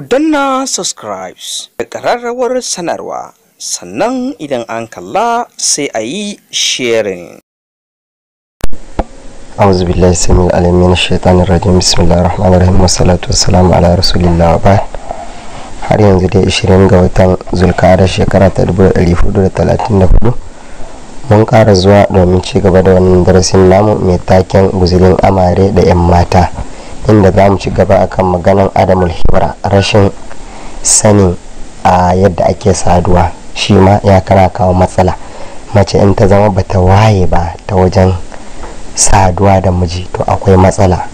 ku danna subscribes da ƙararrawar sanarwa sannan idan an kalla sai a yi sharing أعوذ بالله السميع العليم من الشيطان الرجيم بسم الله الرحمن الرحيم والصلاة والسلام على رسول الله وبعد har yanzu dai 20 ga watan zulkada shekara ta 1434 mun ƙara zuwa domin ci gaba da wannan darasin namu mai taken guzulin amare da 'yan mata inda za mu ci gaba akan maganan adamul hibra rashin sanin a yadda ake saduwa shi ma ya kara kawo matsala mace in ta zama bata waye ba ta wajen saduwa da miji to akwai matsala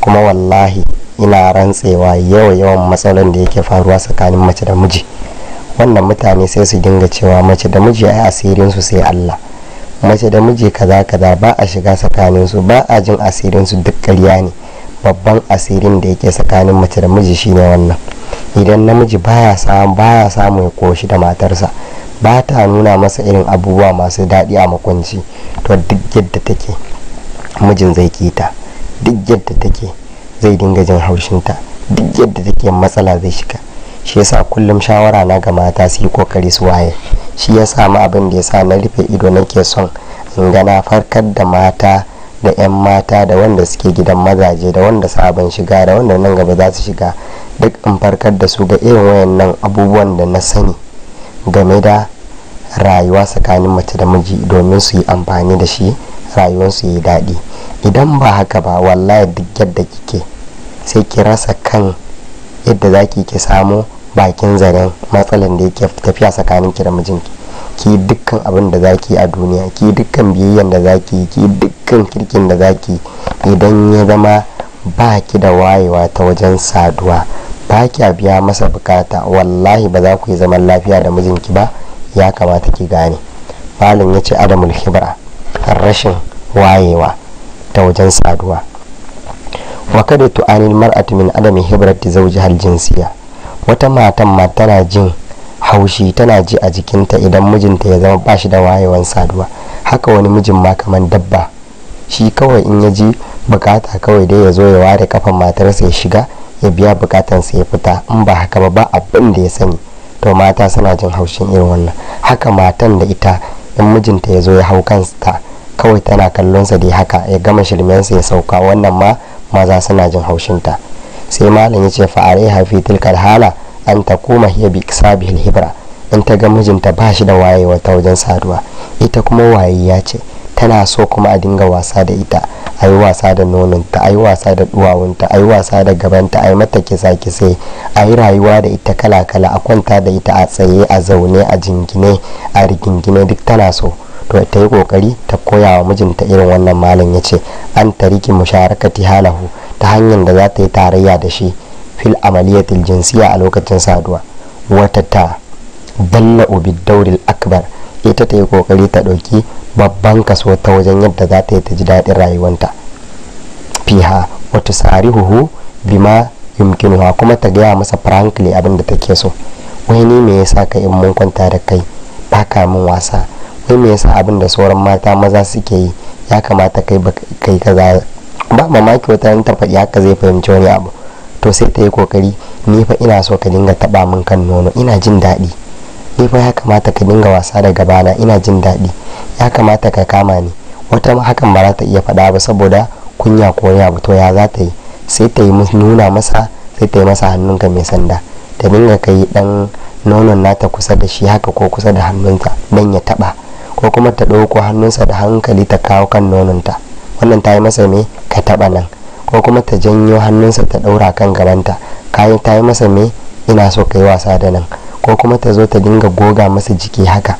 kuma wallahi ina rantsewa yawa yawan matsalar da yake faruwa tsakanin mace da miji wannan mutane sai su dinga cewa mace da miji a asirin su sai Allah mace da miji kaza kaza ba a shiga tsakanin su ba a jin asirin su duk ƙarya ne babban asirin da yake tsakanin mace da miji shine wannan idan namiji baya samu baya samu ya koshi da matarsa ba ta nuna masa irin abubuwa masu daɗi a makunci to duk yadda take mijin zai kita duk yadda take zai dinga jin haushin ta duk yadda take matsala zai shiga shi yasa kullum shawara na ga mata su yi kokari su waye shi ya samu abin da ya sa na rufe ido nake son in ga na farkar da mata da 'yan mata da wanda suke gidan mazaje da wanda sabon shiga da wanda nan gaba za su shiga duk in farkar da su ga irin wayannan abubuwan da na sani game da rayuwa tsakanin mace da miji domin su yi amfani da shi rayuwarsu yi daɗi idan ba haka ba wallahi duk yadda kike sai ki rasa kan yadda za ki samu bakin zaren matsalan da yake tafiya tsakaninki da mijinki ki dukkan abin da zaki a duniya ki dukkan biyayyan da zaki ki dukkan kirkin da zaki idan ya zama ba ki da wayewa ta wajen saduwa ba ki biya masa bukata wallahi ba za ku yi zaman lafiya da mijinki ba ya kamata ki gane malam ya ce adamul hibra rashin wayewa ta wajen saduwa wa kada tu'anil mar'atu min adami hibrati zawjiha al-jinsiya wata matan ma tana jin haushi tana ji a jikinta idan mijinta ya zama bashi da wayewan saduwa haka wani mijin ma kamar dabba shi kawai in ya ji bukata kawai dai ya zo ya ware kafan matarsa ya shiga ya biya bukatansa ya fita in ba haka ba ba abin da ya sani to mata suna jin haushin irin wannan haka matan da ita in mijinta ya zo ya hau kansa kawai tana kallon sa dai haka ya gama shirmensa ya sauka wannan ma maza suna jin haushinta sai malam ya ce fa'are hafi tilkar hala an ta koma hiya bi sabihin hibra in ta ga mijinta ba shi da wayewa ta wajen saduwa ita kuma wayayya ce tana so kuma a dinga wasa da ita a yi wasa da nononta a yi wasa da duwawunta a yi wasa da gabanta a yi mata kisa-kise a yi rayuwa da ita kala-kala a kwanta da ita a tsaye a zaune a jingine a rigingine duk tana so to ta yi kokari ta koya wa mijinta irin wannan malam ya ce an tariki musharakati halahu ta hanyar da za ta yi tarayya da shi fil amaliyatil jinsiya a lokacin saduwa wata ta danna ubi dauril akbar ita ta yi kokari ta ɗauki babban kaso ta wajen yadda za ta yi ta ji daɗin rayuwanta fiha wata huhu bima yumkinuwa kuma ta gaya masa frankly abin da take so wai ni me yasa ka in mun kwanta da kai baka min wasa wai me yasa abin da sauran mata maza suke yi ya kamata kai kai kaza ba mamaki wata ta faɗi haka zai fahimci wani abu to sai ta yi kokari ni fa ina so ka dinga taba min kan nono ina jin daɗi ni fa ya kamata ka dinga wasa da gabana ina jin daɗi ya kamata ka kama ni wata hakan ba za ta iya faɗa ba saboda kunya ko ya to ya za ta yi sai ta yi nuna masa sai ta yi masa hannunka mai sanda ta dinga kai ɗan nonon nata kusa da shi haka ko kusa da hannunta dan ya taɓa ko kuma ta ɗauko hannunsa da hankali ta kawo kan nononta wannan ta yi masa me ka taɓa nan ko kuma ta janyo hannunsa ta ɗaura kan gabanta kayan ta yi masa me ina so ka yi wasa da nan ko kuma ta zo ta dinga goga masa jiki haka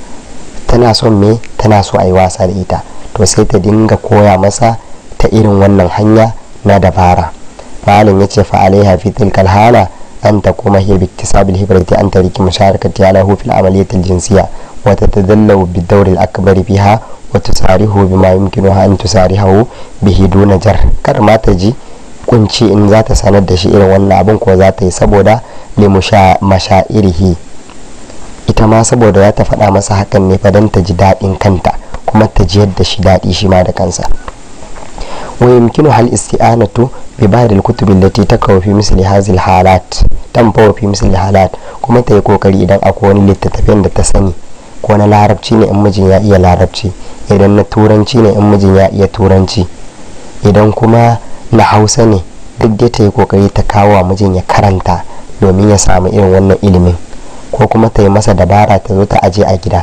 tana so me tana so a yi wasa da ita to sai ta dinga koya masa ta irin wannan hanya na dabara malam ya ce fa'alaiha fi tilkal hala an ta kuma hiya bi tisabil hibrati an tariki musharakati ala hu fil amaliyat al jinsiya wa tatadallu bi dawr al akbar biha wa tusarihu bima yumkinuha an tusarihu bihi duna jar kar mata ji kunci in za ta sanar da shi irin wannan abin ko za ta yi saboda le limu masha'irihi ita ma saboda za ta faɗa masa hakan ne fadan ta ji daɗin kanta kuma ta ji yadda shi daɗi shi ma da kansa hal isti'anatu ويمكنها الاستعانة ببعض الكتب التي تقع في fi هذه halat kuma ta yi kokari idan akwai wani إذا da ta sani ko na larabci ne in mijin ya iya larabci idan na turanci ne in mijin ya iya turanci idan kuma na hausa ne duk dai ta yi kokari ta kawo wa mijin ya karanta domin ya samu irin wannan ilimin ko kuma ta yi masa dabara ta zo ta aje a gida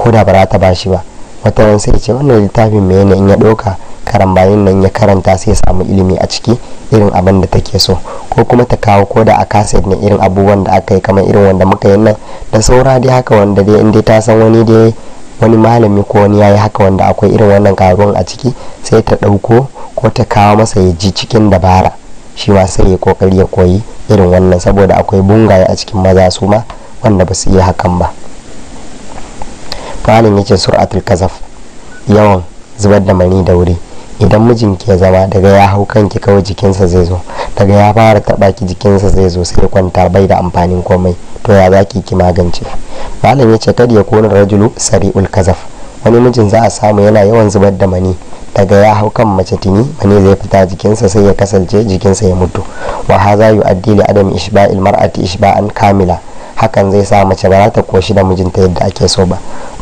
ko da ba za ta ba shi ba wata ran sai ce wannan littafin mai ne in ya ɗauka bayan nan ya karanta sai ya samu ilimi a ciki irin abin da take so ko kuma ta kawo ko da a kaset ne irin abubuwan da aka yi kamar irin wanda muka yi nan da saura dai haka wanda dai in dai ta san wani dai wani malami ko wani yayi haka wanda akwai irin wannan karuwan a ciki sai ta ɗauko ko ta kawo masa ya ji cikin dabara shi ma sai ya kokari ya koyi irin wannan saboda akwai bungaye a cikin maza su ma wanda ba su iya hakan ba falin yake suratul kazaf yawan zubar da mani da wuri idan mijinki ya zama daga ya hau kanki kawai jikinsa zai zo daga ya fara taɓa ki jikinsa zai zo sai kwanta bai da amfanin komai to ya zaki ki magance malam ya ce kada ya kona rajulu sari'ul kazaf wani mijin za a samu yana yawan zubar da mani daga ya hau kan mace tini mani zai fita jikinsa sai ya kasance jikinsa ya mutu wa haza yu'addi li adam ishba'il mar'ati ishba'an kamila hakan zai sa mace ba ta koshi da mijinta yadda ake so ba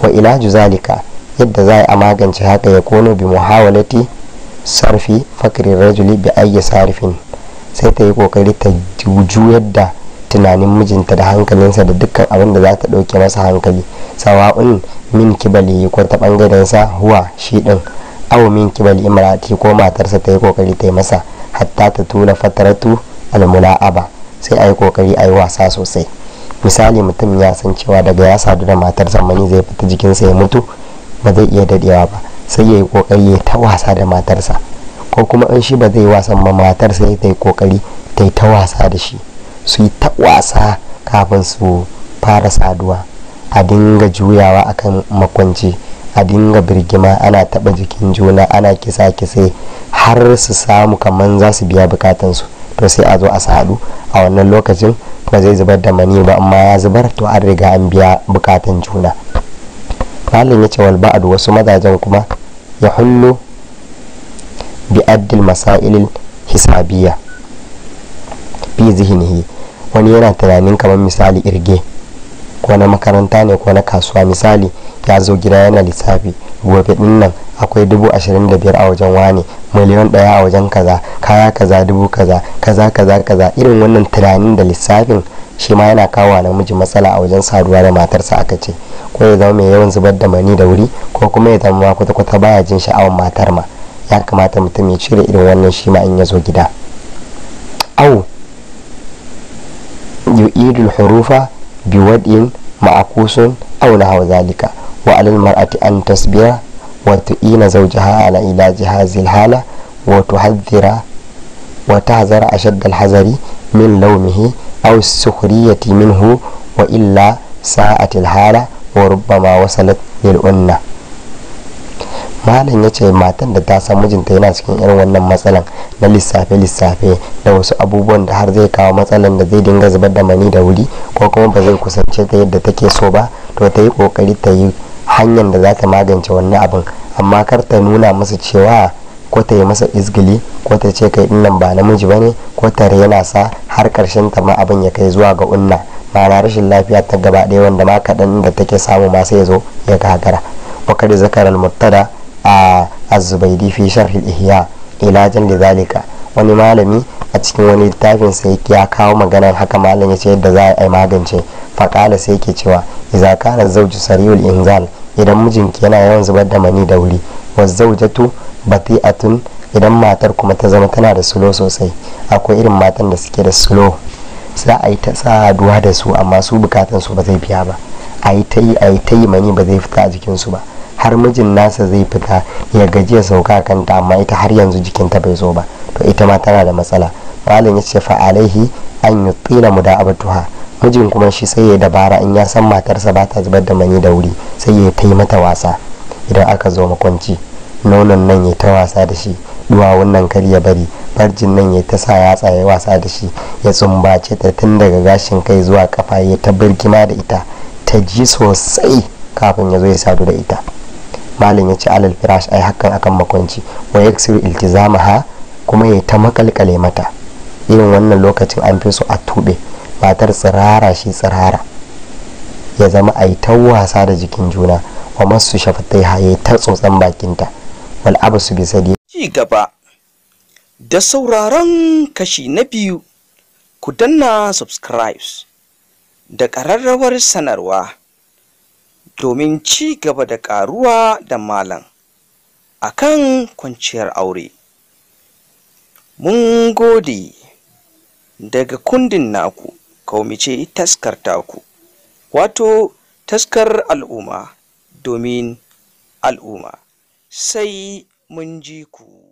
wa ilaju zalika yadda za a magance haka ya kono bi muhawalati sarfi fakri rajuli bi ayyi sarifin sai ta yi kokari ta juyar da tunanin mijinta da hankalinsa da dukkan abin da za ta ɗauke masa hankali sawa'un min kibali ko ta sa huwa shi ɗin awo min kibali imarati ko matarsa ta yi kokari ta yi masa hatta ta tura fataratu almula'aba sai a yi kokari a yi wasa sosai misali mutum ya san cewa daga ya sadu da matarsa mani zai fita jikinsa ya mutu ba zai iya dadewa ba sai ya yi kokari ya ta wasa da matarsa ko kuma in shi ba zai wasan ma matar sai ta kokari ta yi ta wasa da shi su yi ta wasa kafin su fara saduwa a dinga juyawa a kan makwanci a dinga birgima ana taba jikin juna ana kisa kisa har su samu kamar za su biya bukatansu to sai a zo a sadu a wannan lokacin ba zai zubar da mani ba amma ya zubar to an riga an biya bukatan juna malin ya ce wal ba'ad wasu mazajen kuma ya hullu bi addil masailil hisabiya fi wani yana tunanin kamar misali irge ko na makaranta ne ko na kasuwa misali ya zo gida yana lissafi gobe din nan akwai dubu ashirin da biyar a wajen wani miliyon daya a wajen kaza kaya kaza dubu kaza kaza kaza kaza irin wannan tunanin da lissafin shi ma yana kawo namiji matsala a wajen saduwa da matarsa aka ce ko ya zama mai yawan zubar da mani da wuri ko kuma ya zama kwata-kwata baya jin sha'awar matar ma ya kamata mutum ya cire irin wannan shi ma in ya zo gida au yu'idul hurufa wad'in ma'akusun aw nahwa zalika wa 'alal mar'ati an tasbiya wa tu'ina zawjaha ala ilaji hadhihi al-hala wa tuhadhdhira wa tahzara ashadd al-hazari min lawmihi aw sukhriyati minhu wa illa sa'at al-hala wa rubbama wasalat lil malam ya ce matan da ta san mijinta yana cikin irin wannan matsalan na lissafe-lissafe da wasu abubuwan da har zai kawo matsalan da zai dinga zubar da mani da wuri ko kuma ba zai kusance ta yadda take so ba to ta yi kokari ta yi hanyar da za ta magance wannan abin amma kar ta nuna masa cewa ko ta yi masa izgili ko ta ce kai dinnan ba namiji bane ko ta rena sa har karshen ta ma abin ya kai zuwa ga unna ma'ana rashin lafiya ta gaba ɗaya wanda ma kaɗan da take samu ma sai ya zo ya gagara wakar zakarar murtada a azubaidi fi sharhil ihya ila da zalika wani malami a cikin wani littafin sai ya kawo maganar haka malam ya ce yadda za a yi magance faƙala sai ke cewa iza kana zauju sariyul inzal idan mijinki yana yawan zubar da mani da wuri wazaujatu bati'atun idan matar kuma ta zama tana da sulo sosai akwai irin matan da suke da sulo za a yi ta duwa da su amma su bukatan su ba zai biya ba a yi ta yi a yi ta yi mani ba zai fita a jikinsu ba har mijin nasa zai fita ya gaji ya sauka kanta amma ita har yanzu jikinta bai zo ba to ita ma tana da matsala malam ya ce fa'alaihi an yi tsina mu da abatuha mijin kuma shi sai ya dabara in ya san matarsa ba ta zubar da mani da wuri sai ya ta mata wasa idan aka zo makwanci nonon nan ya ta wasa da shi duwawun nan kar ya bari barjin nan ya ta sa yatsa ya wasa da shi ya tsumbace ta tun daga gashin kai zuwa kafa ya ta birgima da ita ta ji sosai kafin ya zo ya sadu da ita malam ya ci alal firash ai hakan akan makwanci wa yaksiru iltizamaha kuma ya ta makalkale mata irin wannan lokacin an fi so a tube matar tsirara shi tsirara ya zama a yi ta wasa da jikin juna wa masu shafatai haye ta tsotsan bakinta wal abasu bisa sadi ci gaba da sauraron kashi na biyu ku danna subscribes da ƙararrawar sanarwa domin ci gaba da ƙaruwa da malam akan kwanciyar aure mun gode daga kundin naku kaumice taskar taku wato taskar al'umma domin al'umma sai mun ji ku